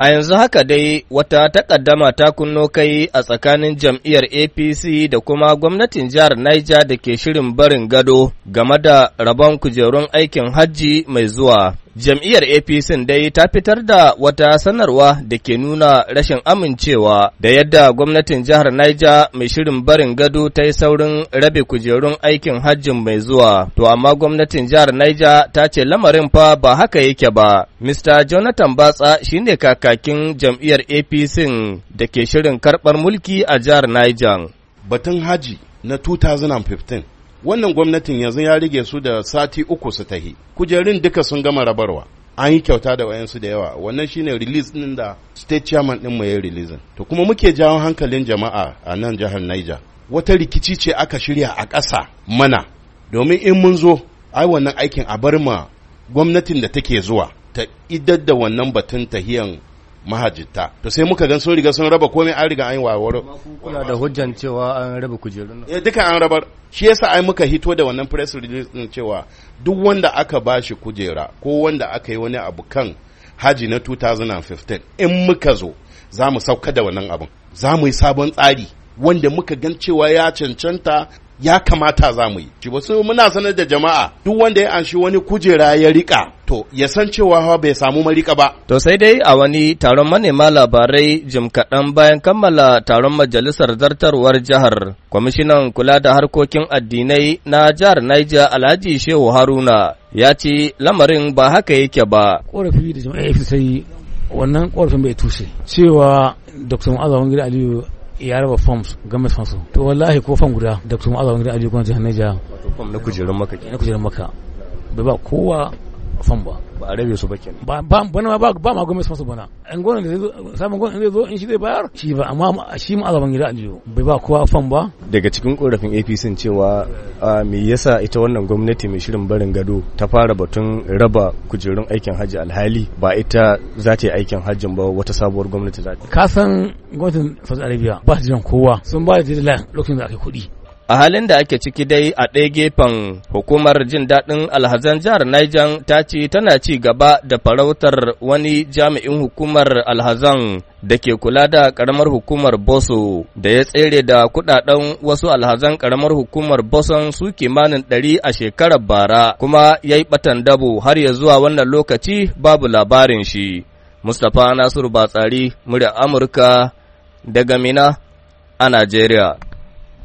A yanzu haka dai wata takaddama ta kunno kai a tsakanin jam'iyyar APC da kuma gwamnatin jihar Niger da ke shirin barin gado game da rabon kujerun aikin hajji mai zuwa. Jam'iyyar APC dai ta fitar da wata sanarwa da ke nuna rashin amincewa da yadda gwamnatin jihar Niger mai shirin barin gado ta yi saurin rabe kujerun aikin hajjin mai zuwa. To amma gwamnatin jihar Niger ta ce lamarin fa ba haka yake ba. Mr. Jonathan Batsa shine kakakin jam'iyyar APC da ke shirin karɓar mulki a jihar Niger. Batun haji na 2015 wannan gwamnatin yanzu ya rige su da sati uku su tahi kujerun duka sun gama rabarwa an yi kyauta da wayansu da yawa wannan shine release din da state chairman din mu ya release to kuma muke jawo hankalin jama'a a nan jihar Niger wata rikici ce aka shirya a ƙasa mana domin in mun zo ai wannan aikin a bar ma gwamnatin da take zuwa ta idar da wannan batun tahiyan mahajjita to sai muka gan sun riga sun raba komai an riga an yi wawar kula da hujjan cewa an raba kujerun eh duka an raba. shi yasa ai muka hito da wannan press release din cewa duk wanda aka bashi kujera ko wanda aka yi wani abu kan haji na 2015 in muka zo za mu sauka da wannan abin za mu yi sabon tsari wanda muka gan cewa ya cancanta ya kamata za mu yi shi wasu muna sanar da jama'a duk wanda ya anshi wani kujera ya rika to ya san cewa bai samu marika ba to sai dai a wani taron manema labarai jim kaɗan bayan kammala taron majalisar zartarwar jihar kwamishinan kula da harkokin addinai na jihar Niger Alhaji Shehu Haruna ya ce lamarin ba haka yake ba korafi da jama'a ya fi sai wannan korafin bai tushe cewa Dr. Mu'azza Wangida Aliyu ya raba forms gamis fansu to wallahi ko fan guda dr kuma gidan aliyu gwamnati hannun jiha wato fam na kujerun maka na kujerun maka bai ba kowa fam ba ba a rabe su ba ke ba ba bana ba ba ma gwamnati masu bana an gona da sabon gona zai zo in shi zai bayar shi ba amma shi ma azaban gida aljihu bai ba kowa fam ba daga cikin korafin APC cewa me yasa ita wannan gwamnati mai shirin barin gado ta fara batun raba kujerun aikin hajji alhali ba ita za ta yi aikin hajjin ba wata sabuwar gwamnati za ta ka san gwamnatin Saudi Arabia ba ta jan kowa sun ba da deadline lokacin da aka kuɗi A halin da ake ciki dai a ɗaya gefen hukumar jin daɗin alhazan jihar Niger ta ce tana ci gaba da farautar wani jami'in hukumar alhazan da ke kula da ƙaramar hukumar Boso da ya tsere da kuɗaɗen wasu alhazan ƙaramar hukumar Boson su kimanin ɗari a shekarar bara kuma ya yi ɓatan dabo har ya zuwa wannan lokaci babu labarin shi. Mustapha Nasiru Batsari, murya Amurka daga Mina a Najeriya.